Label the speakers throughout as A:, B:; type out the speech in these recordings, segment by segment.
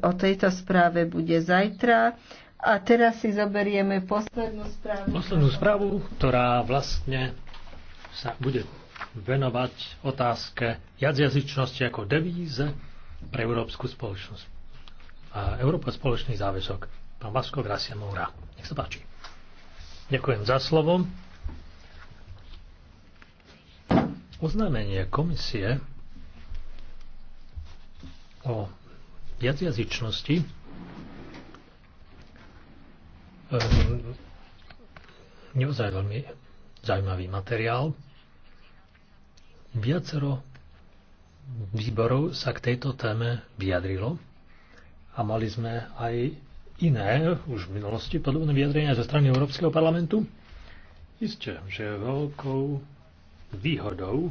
A: O tejto správe bude zajtra. A teraz si zoberieme poslednú správu. Poslednú správu, ktorá vlastne sa bude venovať otázke jazyčnosti ako devíze pre európsku spoločnosť. A Európa spoločný záväzok. Pán Vasko Gracia Moura. Nech sa páči. Ďakujem za slovo. Oznámenie komisie o viacjazyčnosti ehm, neozaj veľmi zaujímavý materiál. Viacero výborov sa k tejto téme vyjadrilo a mali sme aj iné, už v minulosti, podobné vyjadrenia zo strany Európskeho parlamentu. Isté, že je veľkou výhodou,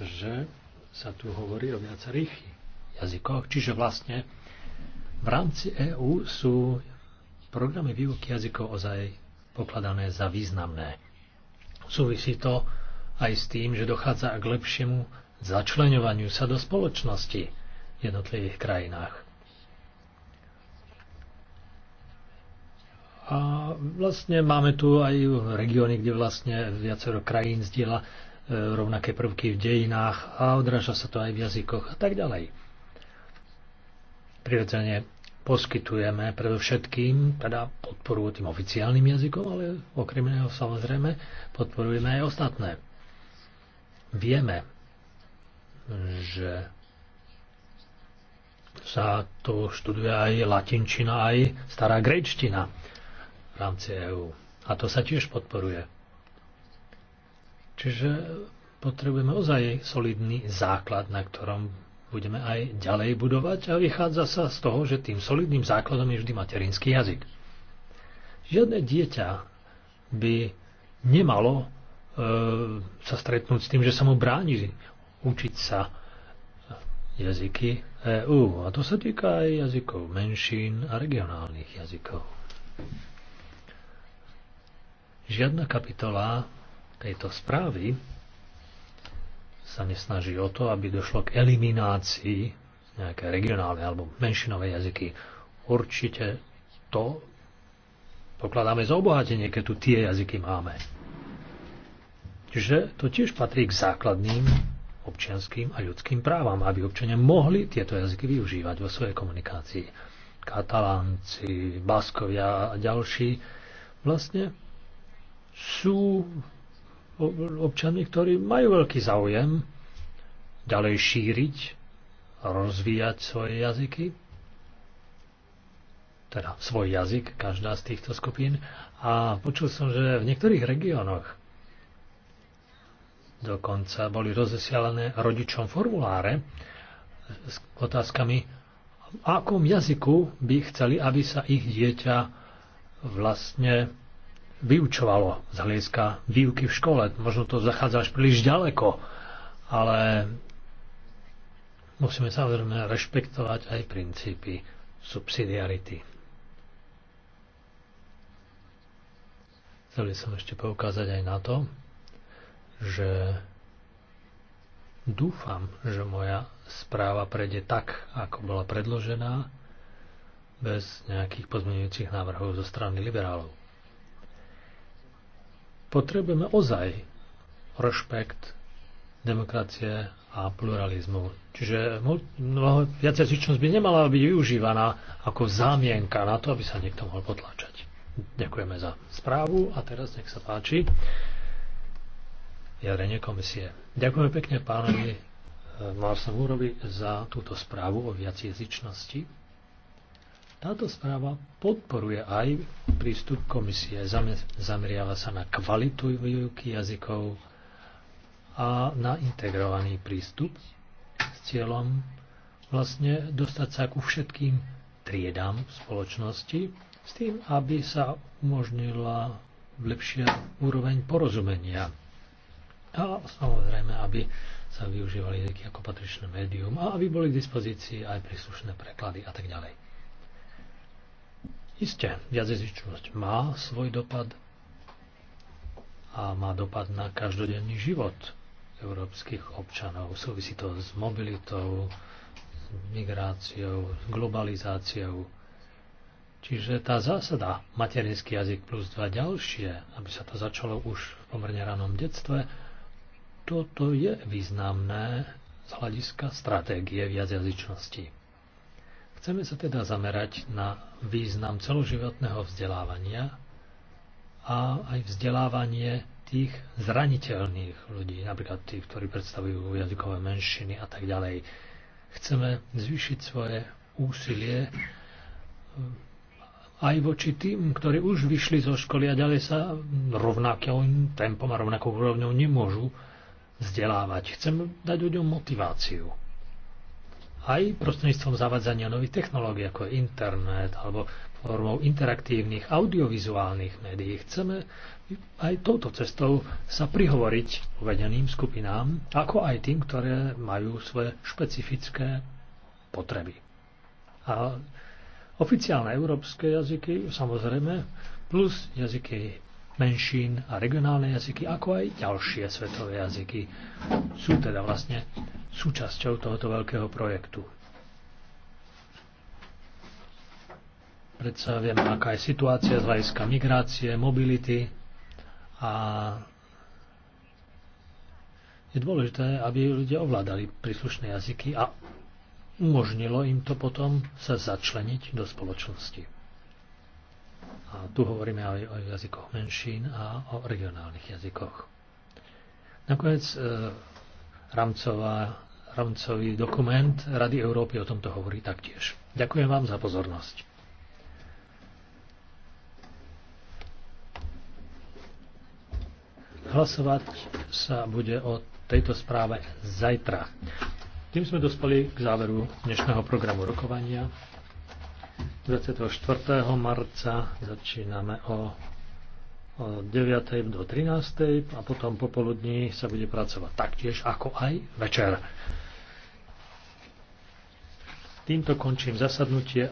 A: že sa tu hovorí o viacerých jazykoch. Čiže vlastne v rámci EÚ sú programy výuky jazykov ozaj pokladané za významné. Súvisí to aj s tým, že dochádza k lepšiemu začleňovaniu sa do spoločnosti v jednotlivých krajinách. A vlastne máme tu aj regióny, kde vlastne viacero krajín zdieľa e, rovnaké prvky v dejinách a odráža sa to aj v jazykoch a tak ďalej prirodzene poskytujeme predovšetkým teda podporu tým oficiálnym jazykom, ale okrem iného samozrejme podporujeme aj ostatné. Vieme, že sa tu študuje aj latinčina, aj stará grečtina v rámci EÚ. A to sa tiež podporuje. Čiže potrebujeme ozaj solidný základ, na ktorom budeme aj ďalej budovať a vychádza sa z toho, že tým solidným základom je vždy materinský jazyk. Žiadne dieťa by nemalo e, sa stretnúť s tým, že sa mu bráni učiť sa jazyky EU. A to sa týka aj jazykov menšín a regionálnych jazykov. Žiadna kapitola tejto správy sa nesnaží o to, aby došlo k eliminácii nejaké regionálne alebo menšinové jazyky. Určite to pokladáme za obohatenie, keď tu tie jazyky máme. Čiže to tiež patrí k základným občianským a ľudským právam, aby občania mohli tieto jazyky využívať vo svojej komunikácii. Katalánci, Baskovia a ďalší vlastne sú občanmi, ktorí majú veľký záujem ďalej šíriť, rozvíjať svoje jazyky, teda svoj jazyk, každá z týchto skupín. A počul som, že v niektorých regiónoch dokonca boli rozesialené rodičom formuláre s otázkami, v akom jazyku by chceli, aby sa ich dieťa vlastne vyučovalo z hľadiska výuky v škole. Možno to zachádza až príliš ďaleko, ale musíme samozrejme rešpektovať aj princípy subsidiarity. Chcel som ešte poukázať aj na to, že dúfam, že moja správa prejde tak, ako bola predložená, bez nejakých pozmeňujúcich návrhov zo strany liberálov. Potrebujeme ozaj rešpekt demokracie a pluralizmu. Čiže mnoho, zvyčnosť by nemala byť využívaná ako zámienka na to, aby sa niekto mohol potláčať. Ďakujeme za správu a teraz nech sa páči jadrenie komisie. Ďakujeme pekne pánovi eh, Marsomurovi za túto správu o zvyčnosti. Táto správa podporuje aj prístup komisie. Zameriava sa na kvalitu výuky jazykov a na integrovaný prístup s cieľom vlastne dostať sa ku všetkým triedám spoločnosti s tým, aby sa umožnila lepšia úroveň porozumenia. A samozrejme, aby sa využívali jazyky ako patričné médium a aby boli k dispozícii aj príslušné preklady a tak ďalej. Isté, jazyčnosť má svoj dopad a má dopad na každodenný život európskych občanov. Súvisí to s mobilitou, s migráciou, s globalizáciou. Čiže tá zásada materinský jazyk plus dva ďalšie, aby sa to začalo už v pomerne ranom detstve, toto je významné z hľadiska stratégie viacjazyčnosti. Chceme sa teda zamerať na význam celoživotného vzdelávania a aj vzdelávanie tých zraniteľných ľudí, napríklad tých, ktorí predstavujú jazykové menšiny a tak ďalej. Chceme zvýšiť svoje úsilie eh, aj voči tým, ktorí už vyšli zo školy a ďalej sa rovnakým tempom a rovnakou úrovňou nemôžu vzdelávať. Chcem dať ľuďom motiváciu aj prostredníctvom zavadzania nových technológií, ako je internet alebo formou interaktívnych audiovizuálnych médií. Chceme aj touto cestou sa prihovoriť uvedeným skupinám, ako aj tým, ktoré majú svoje špecifické potreby. A oficiálne európske jazyky, samozrejme, plus jazyky menšín a regionálne jazyky, ako aj ďalšie svetové jazyky, sú teda vlastne súčasťou tohoto veľkého projektu. Predsa vieme, aká je situácia z hľadiska migrácie, mobility a je dôležité, aby ľudia ovládali príslušné jazyky a umožnilo im to potom sa začleniť do spoločnosti. A tu hovoríme aj o jazykoch menšín a o regionálnych jazykoch. Nakoniec e, rámcová rámcový dokument Rady Európy o tomto hovorí taktiež. Ďakujem vám za pozornosť. Hlasovať sa bude o tejto správe zajtra. Tým sme dospeli k záveru dnešného programu rokovania. 24. marca začíname o 9. do 13. a potom popoludní sa bude pracovať taktiež ako aj večer. Týmto končím zasadnutie.